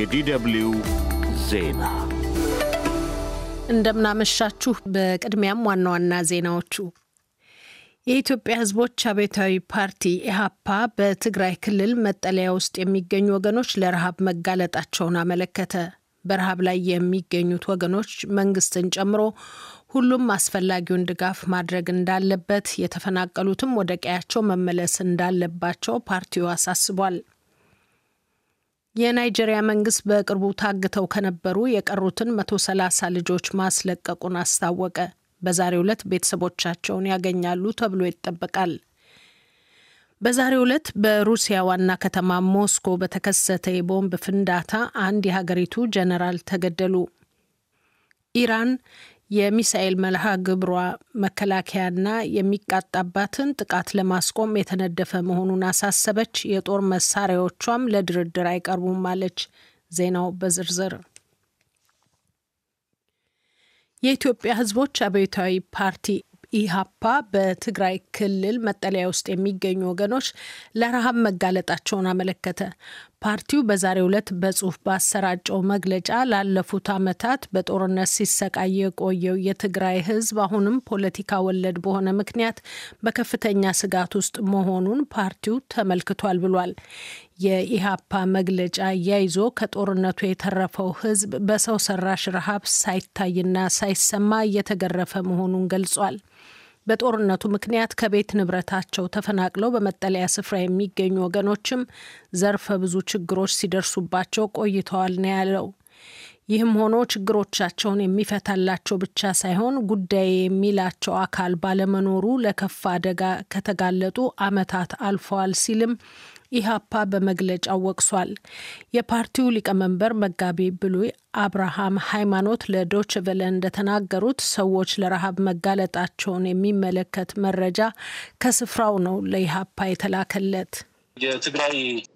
የዲደብልዩ ዜና እንደምናመሻችሁ። በቅድሚያም ዋና ዋና ዜናዎቹ የኢትዮጵያ ሕዝቦች አብዮታዊ ፓርቲ ኢህአፓ በትግራይ ክልል መጠለያ ውስጥ የሚገኙ ወገኖች ለረሃብ መጋለጣቸውን አመለከተ። በረሃብ ላይ የሚገኙት ወገኖች መንግስትን ጨምሮ ሁሉም አስፈላጊውን ድጋፍ ማድረግ እንዳለበት፣ የተፈናቀሉትም ወደ ቀያቸው መመለስ እንዳለባቸው ፓርቲው አሳስቧል። የናይጄሪያ መንግስት በቅርቡ ታግተው ከነበሩ የቀሩትን መቶ ሰላሳ ልጆች ማስለቀቁን አስታወቀ። በዛሬው ዕለት ቤተሰቦቻቸውን ያገኛሉ ተብሎ ይጠበቃል። በዛሬው ዕለት በሩሲያ ዋና ከተማ ሞስኮ በተከሰተ የቦምብ ፍንዳታ አንድ የሀገሪቱ ጀነራል ተገደሉ። ኢራን የሚሳኤል መልሃ ግብሯ መከላከያና የሚቃጣባትን ጥቃት ለማስቆም የተነደፈ መሆኑን አሳሰበች። የጦር መሳሪያዎቿም ለድርድር አይቀርቡም አለች። ዜናው በዝርዝር የኢትዮጵያ ሕዝቦች አብዮታዊ ፓርቲ ኢህአፓ በትግራይ ክልል መጠለያ ውስጥ የሚገኙ ወገኖች ለረሃብ መጋለጣቸውን አመለከተ። ፓርቲው በዛሬው ዕለት በጽሁፍ ባሰራጨው መግለጫ ላለፉት አመታት በጦርነት ሲሰቃይ የቆየው የትግራይ ህዝብ አሁንም ፖለቲካ ወለድ በሆነ ምክንያት በከፍተኛ ስጋት ውስጥ መሆኑን ፓርቲው ተመልክቷል ብሏል። የኢህአፓ መግለጫ አያይዞ ከጦርነቱ የተረፈው ህዝብ በሰው ሰራሽ ረሃብ ሳይታይና ሳይሰማ እየተገረፈ መሆኑን ገልጿል። በጦርነቱ ምክንያት ከቤት ንብረታቸው ተፈናቅለው በመጠለያ ስፍራ የሚገኙ ወገኖችም ዘርፈ ብዙ ችግሮች ሲደርሱባቸው ቆይተዋል ነው ያለው። ይህም ሆኖ ችግሮቻቸውን የሚፈታላቸው ብቻ ሳይሆን ጉዳይ የሚላቸው አካል ባለመኖሩ ለከፋ አደጋ ከተጋለጡ ዓመታት አልፈዋል ሲልም ኢህአፓ በመግለጫው ወቅሷል። የፓርቲው ሊቀመንበር መጋቢ ብሉይ አብርሃም ሃይማኖት ለዶች ቨለ እንደተናገሩት ሰዎች ለረሃብ መጋለጣቸውን የሚመለከት መረጃ ከስፍራው ነው ለኢህአፓ የተላከለት። የትግራይ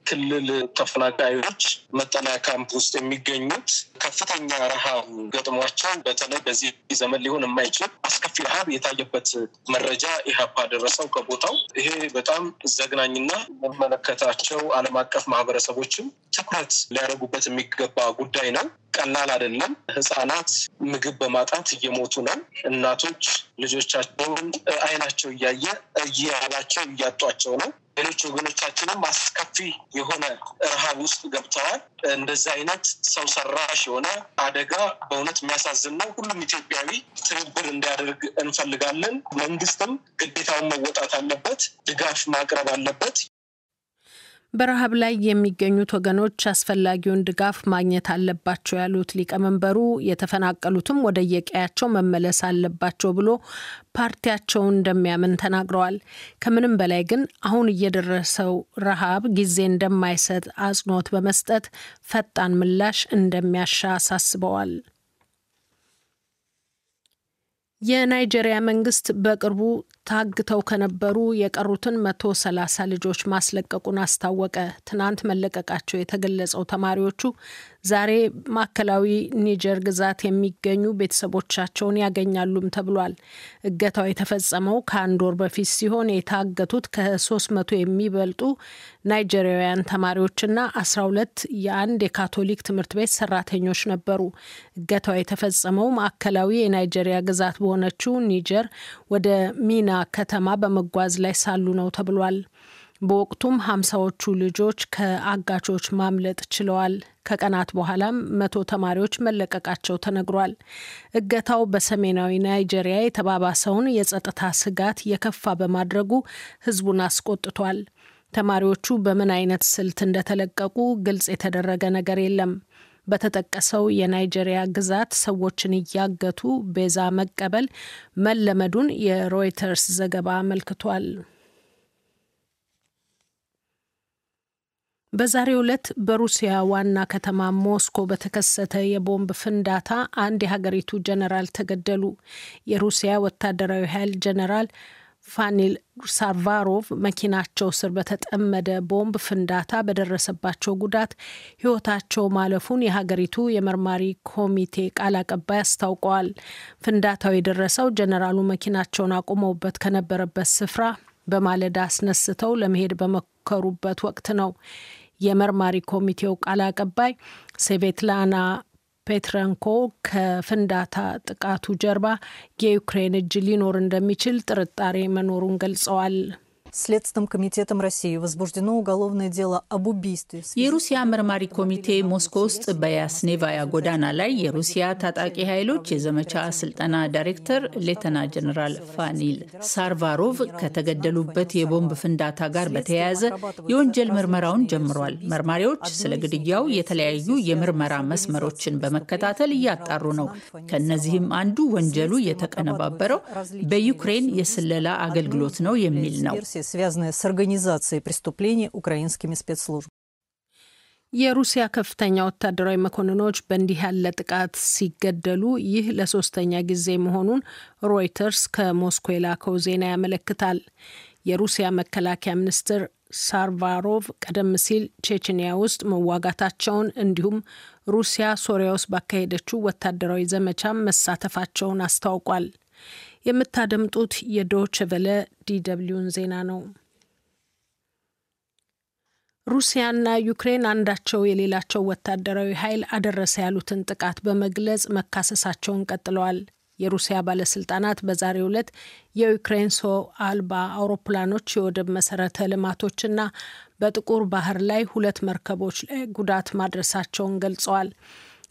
ክልል ተፈናቃዮች መጠለያ ካምፕ ውስጥ የሚገኙት ከፍተኛ ረሃብ ገጥሟቸው በተለይ በዚህ ዘመን ሊሆን የማይችል አስከፊ ረሃብ የታየበት መረጃ ኢህአፓ ደረሰው ከቦታው። ይሄ በጣም ዘግናኝና የሚመለከታቸው ዓለም አቀፍ ማህበረሰቦችም ትኩረት ሊያደርጉበት የሚገባ ጉዳይ ነው። ቀላል አይደለም። ህጻናት ምግብ በማጣት እየሞቱ ነው። እናቶች ልጆቻቸውን አይናቸው እያየ እያላቸው እያጧቸው ነው። ሌሎች ወገኖቻችንም አስከፊ የሆነ ረሃብ ውስጥ ገብተዋል። እንደዚህ አይነት ሰው ሰራሽ የሆነ አደጋ በእውነት የሚያሳዝን ነው። ሁሉም ኢትዮጵያዊ ትብብር እንዲያደርግ እንፈልጋለን። መንግስትም ግዴታውን መወጣት አለበት፣ ድጋፍ ማቅረብ አለበት። በረሃብ ላይ የሚገኙት ወገኖች አስፈላጊውን ድጋፍ ማግኘት አለባቸው ያሉት ሊቀመንበሩ የተፈናቀሉትም ወደ የቀያቸው መመለስ አለባቸው ብሎ ፓርቲያቸውን እንደሚያምን ተናግረዋል። ከምንም በላይ ግን አሁን እየደረሰው ረሃብ ጊዜ እንደማይሰጥ አጽንኦት በመስጠት ፈጣን ምላሽ እንደሚያሻ አሳስበዋል። የናይጄሪያ መንግስት በቅርቡ ታግተው ከነበሩ የቀሩትን መቶ ሰላሳ ልጆች ማስለቀቁን አስታወቀ። ትናንት መለቀቃቸው የተገለጸው ተማሪዎቹ ዛሬ ማዕከላዊ ኒጀር ግዛት የሚገኙ ቤተሰቦቻቸውን ያገኛሉም ተብሏል። እገታው የተፈጸመው ከአንድ ወር በፊት ሲሆን የታገቱት ከሶስት መቶ የሚበልጡ ናይጀሪያውያን ተማሪዎችና አስራ ሁለት የአንድ የካቶሊክ ትምህርት ቤት ሰራተኞች ነበሩ። እገታው የተፈጸመው ማዕከላዊ የናይጀሪያ ግዛት በሆነችው ኒጀር ወደ ሚና ከተማ በመጓዝ ላይ ሳሉ ነው ተብሏል። በወቅቱም ሀምሳዎቹ ልጆች ከአጋቾች ማምለጥ ችለዋል። ከቀናት በኋላም መቶ ተማሪዎች መለቀቃቸው ተነግሯል። እገታው በሰሜናዊ ናይጄሪያ የተባባሰውን የጸጥታ ስጋት የከፋ በማድረጉ ህዝቡን አስቆጥቷል። ተማሪዎቹ በምን አይነት ስልት እንደተለቀቁ ግልጽ የተደረገ ነገር የለም። በተጠቀሰው የናይጄሪያ ግዛት ሰዎችን እያገቱ ቤዛ መቀበል መለመዱን የሮይተርስ ዘገባ አመልክቷል። በዛሬው ዕለት በሩሲያ ዋና ከተማ ሞስኮ በተከሰተ የቦምብ ፍንዳታ አንድ የሀገሪቱ ጀነራል ተገደሉ። የሩሲያ ወታደራዊ ኃይል ጀነራል ፋኒል ሳርቫሮቭ መኪናቸው ስር በተጠመደ ቦምብ ፍንዳታ በደረሰባቸው ጉዳት ሕይወታቸው ማለፉን የሀገሪቱ የመርማሪ ኮሚቴ ቃል አቀባይ አስታውቀዋል። ፍንዳታው የደረሰው ጀነራሉ መኪናቸውን አቁመውበት ከነበረበት ስፍራ በማለዳ አስነስተው ለመሄድ በመከሩበት ወቅት ነው። የመርማሪ ኮሚቴው ቃል አቀባይ ሴቬትላና ፔትረንኮ ከፍንዳታ ጥቃቱ ጀርባ የዩክሬን እጅ ሊኖር እንደሚችል ጥርጣሬ መኖሩን ገልጸዋል። Следственным комитетом России возбуждено уголовное дело об убийстве. የሩሲያ መርማሪ ኮሚቴ ሞስኮ ውስጥ በያስኔቫያ ጎዳና ላይ የሩሲያ ታጣቂ ኃይሎች የዘመቻ ስልጠና ዳይሬክተር ሌተና ጀነራል ፋኒል ሳርቫሮቭ ከተገደሉበት የቦምብ ፍንዳታ ጋር በተያያዘ የወንጀል ምርመራውን ጀምሯል። መርማሪዎች ስለ ግድያው የተለያዩ የምርመራ መስመሮችን በመከታተል እያጣሩ ነው። ከእነዚህም አንዱ ወንጀሉ የተቀነባበረው በዩክሬን የስለላ አገልግሎት ነው የሚል ነው። связанные с организацией преступлений украинскими спецслужбами. የሩሲያ ከፍተኛ ወታደራዊ መኮንኖች በእንዲህ ያለ ጥቃት ሲገደሉ ይህ ለሶስተኛ ጊዜ መሆኑን ሮይተርስ ከሞስኮ የላከው ዜና ያመለክታል። የሩሲያ መከላከያ ሚኒስትር ሳርቫሮቭ ቀደም ሲል ቼችኒያ ውስጥ መዋጋታቸውን እንዲሁም ሩሲያ ሶሪያ ውስጥ ባካሄደችው ወታደራዊ ዘመቻ መሳተፋቸውን አስታውቋል። የምታደምጡት የዶች ቨለ ዲደብሊውን ዜና ነው። ሩሲያና ዩክሬን አንዳቸው የሌላቸው ወታደራዊ ኃይል አደረሰ ያሉትን ጥቃት በመግለጽ መካሰሳቸውን ቀጥለዋል። የሩሲያ ባለስልጣናት በዛሬው ዕለት የዩክሬን ሰው አልባ አውሮፕላኖች የወደብ መሰረተ ልማቶችና በጥቁር ባህር ላይ ሁለት መርከቦች ላይ ጉዳት ማድረሳቸውን ገልጸዋል።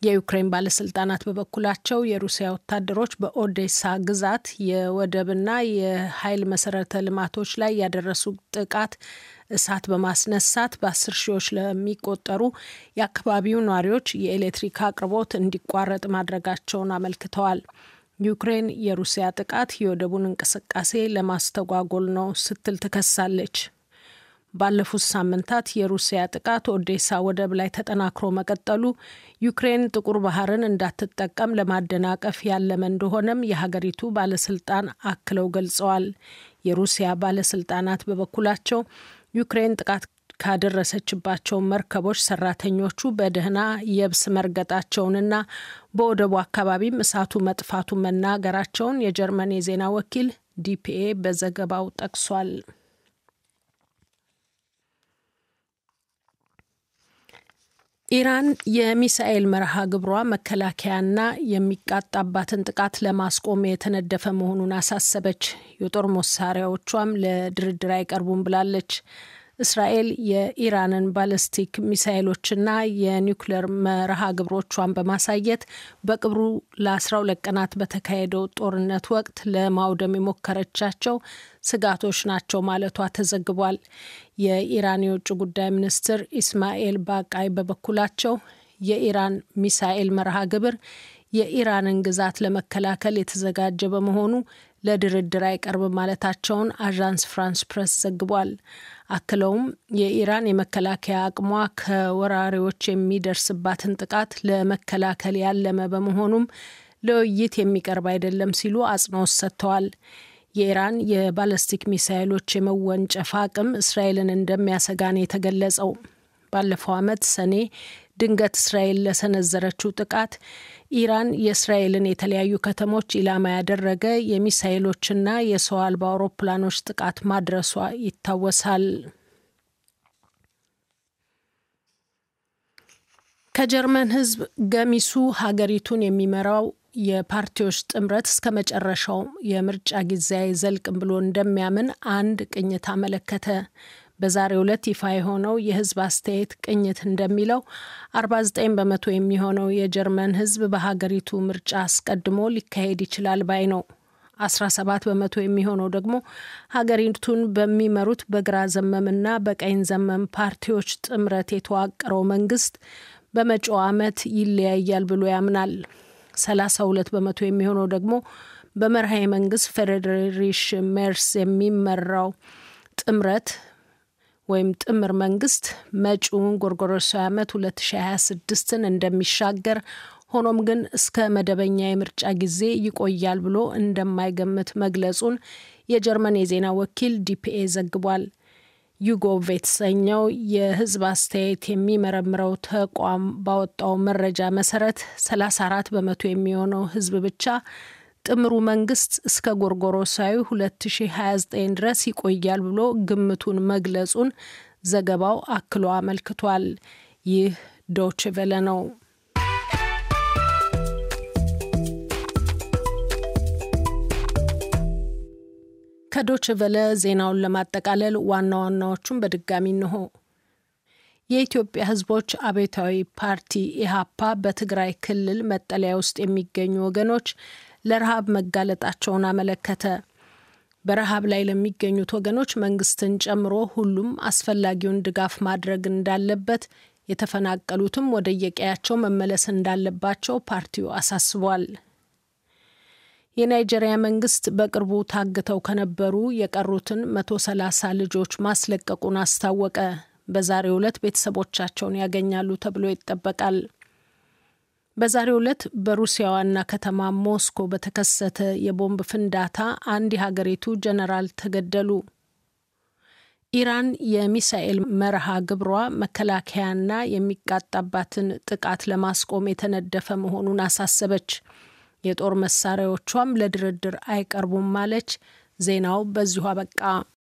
የዩክሬን ባለስልጣናት በበኩላቸው የሩሲያ ወታደሮች በኦዴሳ ግዛት የወደብና የኃይል መሰረተ ልማቶች ላይ ያደረሱ ጥቃት እሳት በማስነሳት በአስር ሺዎች ለሚቆጠሩ የአካባቢው ነዋሪዎች የኤሌክትሪክ አቅርቦት እንዲቋረጥ ማድረጋቸውን አመልክተዋል። ዩክሬን የሩሲያ ጥቃት የወደቡን እንቅስቃሴ ለማስተጓጎል ነው ስትል ትከሳለች። ባለፉት ሳምንታት የሩሲያ ጥቃት ኦዴሳ ወደብ ላይ ተጠናክሮ መቀጠሉ ዩክሬን ጥቁር ባህርን እንዳትጠቀም ለማደናቀፍ ያለመ እንደሆነም የሀገሪቱ ባለስልጣን አክለው ገልጸዋል። የሩሲያ ባለስልጣናት በበኩላቸው ዩክሬን ጥቃት ካደረሰችባቸው መርከቦች ሰራተኞቹ በደህና የብስ መርገጣቸውንና በወደቡ አካባቢም እሳቱ መጥፋቱ መናገራቸውን የጀርመን የዜና ወኪል ዲፒኤ በዘገባው ጠቅሷል። ኢራን የሚሳኤል መርሃ ግብሯ መከላከያና የሚቃጣባትን ጥቃት ለማስቆም የተነደፈ መሆኑን አሳሰበች። የጦር መሳሪያዎቿም ለድርድር አይቀርቡም ብላለች። እስራኤል የኢራንን ባለስቲክ ሚሳይሎችና የኒውክሌር መርሃ ግብሮቿን በማሳየት በቅብሩ ለ12 ቀናት በተካሄደው ጦርነት ወቅት ለማውደም የሞከረቻቸው ስጋቶች ናቸው ማለቷ ተዘግቧል። የኢራን የውጭ ጉዳይ ሚኒስትር ኢስማኤል ባቃይ በበኩላቸው የኢራን ሚሳኤል መርሃ ግብር የኢራንን ግዛት ለመከላከል የተዘጋጀ በመሆኑ ለድርድር አይቀርብም ማለታቸውን አዣንስ ፍራንስ ፕሬስ ዘግቧል። አክለውም የኢራን የመከላከያ አቅሟ ከወራሪዎች የሚደርስባትን ጥቃት ለመከላከል ያለመ በመሆኑም ለውይይት የሚቀርብ አይደለም ሲሉ አጽንኦት ሰጥተዋል። የኢራን የባለስቲክ ሚሳይሎች የመወንጨፍ አቅም እስራኤልን እንደሚያሰጋ ነው የተገለጸው። ባለፈው ዓመት ሰኔ ድንገት እስራኤል ለሰነዘረችው ጥቃት ኢራን የእስራኤልን የተለያዩ ከተሞች ኢላማ ያደረገ የሚሳይሎችና የሰው አልባ አውሮፕላኖች ጥቃት ማድረሷ ይታወሳል። ከጀርመን ሕዝብ ገሚሱ ሀገሪቱን የሚመራው የፓርቲዎች ጥምረት እስከ መጨረሻው የምርጫ ጊዜ አይዘልቅም ብሎ እንደሚያምን አንድ ቅኝት አመለከተ። በዛሬ ዕለት ይፋ የሆነው የህዝብ አስተያየት ቅኝት እንደሚለው 49 በመቶ የሚሆነው የጀርመን ህዝብ በሀገሪቱ ምርጫ አስቀድሞ ሊካሄድ ይችላል ባይ ነው። 17 በመቶ የሚሆነው ደግሞ ሀገሪቱን በሚመሩት በግራ ዘመምና በቀኝ ዘመም ፓርቲዎች ጥምረት የተዋቀረው መንግስት በመጪው ዓመት ይለያያል ብሎ ያምናል። 32 በመቶ የሚሆነው ደግሞ በመርሃ መንግስት ፌዴሪሽ ሜርስ የሚመራው ጥምረት ወይም ጥምር መንግስት መጪውን ጎርጎሮሳዊ ዓመት 2026ን እንደሚሻገር ሆኖም ግን እስከ መደበኛ የምርጫ ጊዜ ይቆያል ብሎ እንደማይገምት መግለጹን የጀርመን የዜና ወኪል ዲፒኤ ዘግቧል። ዩጎቭ የተሰኘው የህዝብ አስተያየት የሚመረምረው ተቋም ባወጣው መረጃ መሰረት 34 በመቶ የሚሆነው ህዝብ ብቻ ጥምሩ መንግስት እስከ ጎርጎሮሳዊ 2029 ድረስ ይቆያል ብሎ ግምቱን መግለጹን ዘገባው አክሎ አመልክቷል። ይህ ዶች ቬለ ነው። ከዶች ቬለ ዜናውን ለማጠቃለል ዋና ዋናዎቹን በድጋሚ እንሆ። የኢትዮጵያ ሕዝቦች አብዮታዊ ፓርቲ ኢህአፓ በትግራይ ክልል መጠለያ ውስጥ የሚገኙ ወገኖች ለረሃብ መጋለጣቸውን አመለከተ። በረሃብ ላይ ለሚገኙት ወገኖች መንግስትን ጨምሮ ሁሉም አስፈላጊውን ድጋፍ ማድረግ እንዳለበት፣ የተፈናቀሉትም ወደ የቀያቸው መመለስ እንዳለባቸው ፓርቲው አሳስቧል። የናይጄሪያ መንግስት በቅርቡ ታግተው ከነበሩ የቀሩትን መቶ ሰላሳ ልጆች ማስለቀቁን አስታወቀ። በዛሬው ዕለት ቤተሰቦቻቸውን ያገኛሉ ተብሎ ይጠበቃል። በዛሬው ዕለት በሩሲያ ዋና ከተማ ሞስኮ በተከሰተ የቦምብ ፍንዳታ አንድ የሀገሪቱ ጀነራል ተገደሉ። ኢራን የሚሳኤል መርሃ ግብሯ መከላከያና የሚቃጣባትን ጥቃት ለማስቆም የተነደፈ መሆኑን አሳሰበች። የጦር መሳሪያዎቿም ለድርድር አይቀርቡም ማለች። ዜናው በዚሁ አበቃ።